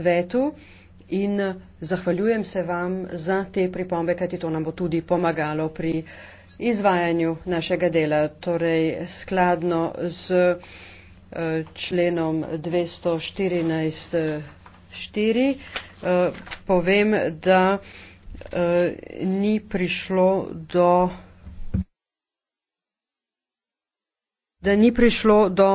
svetu in zahvaljujem se vam za te pripombe, kajti to nam bo tudi pomagalo pri izvajanju našega dela. Torej, skladno z eh, členom 214.4 eh, povem, da eh, ni prišlo do da ni prišlo do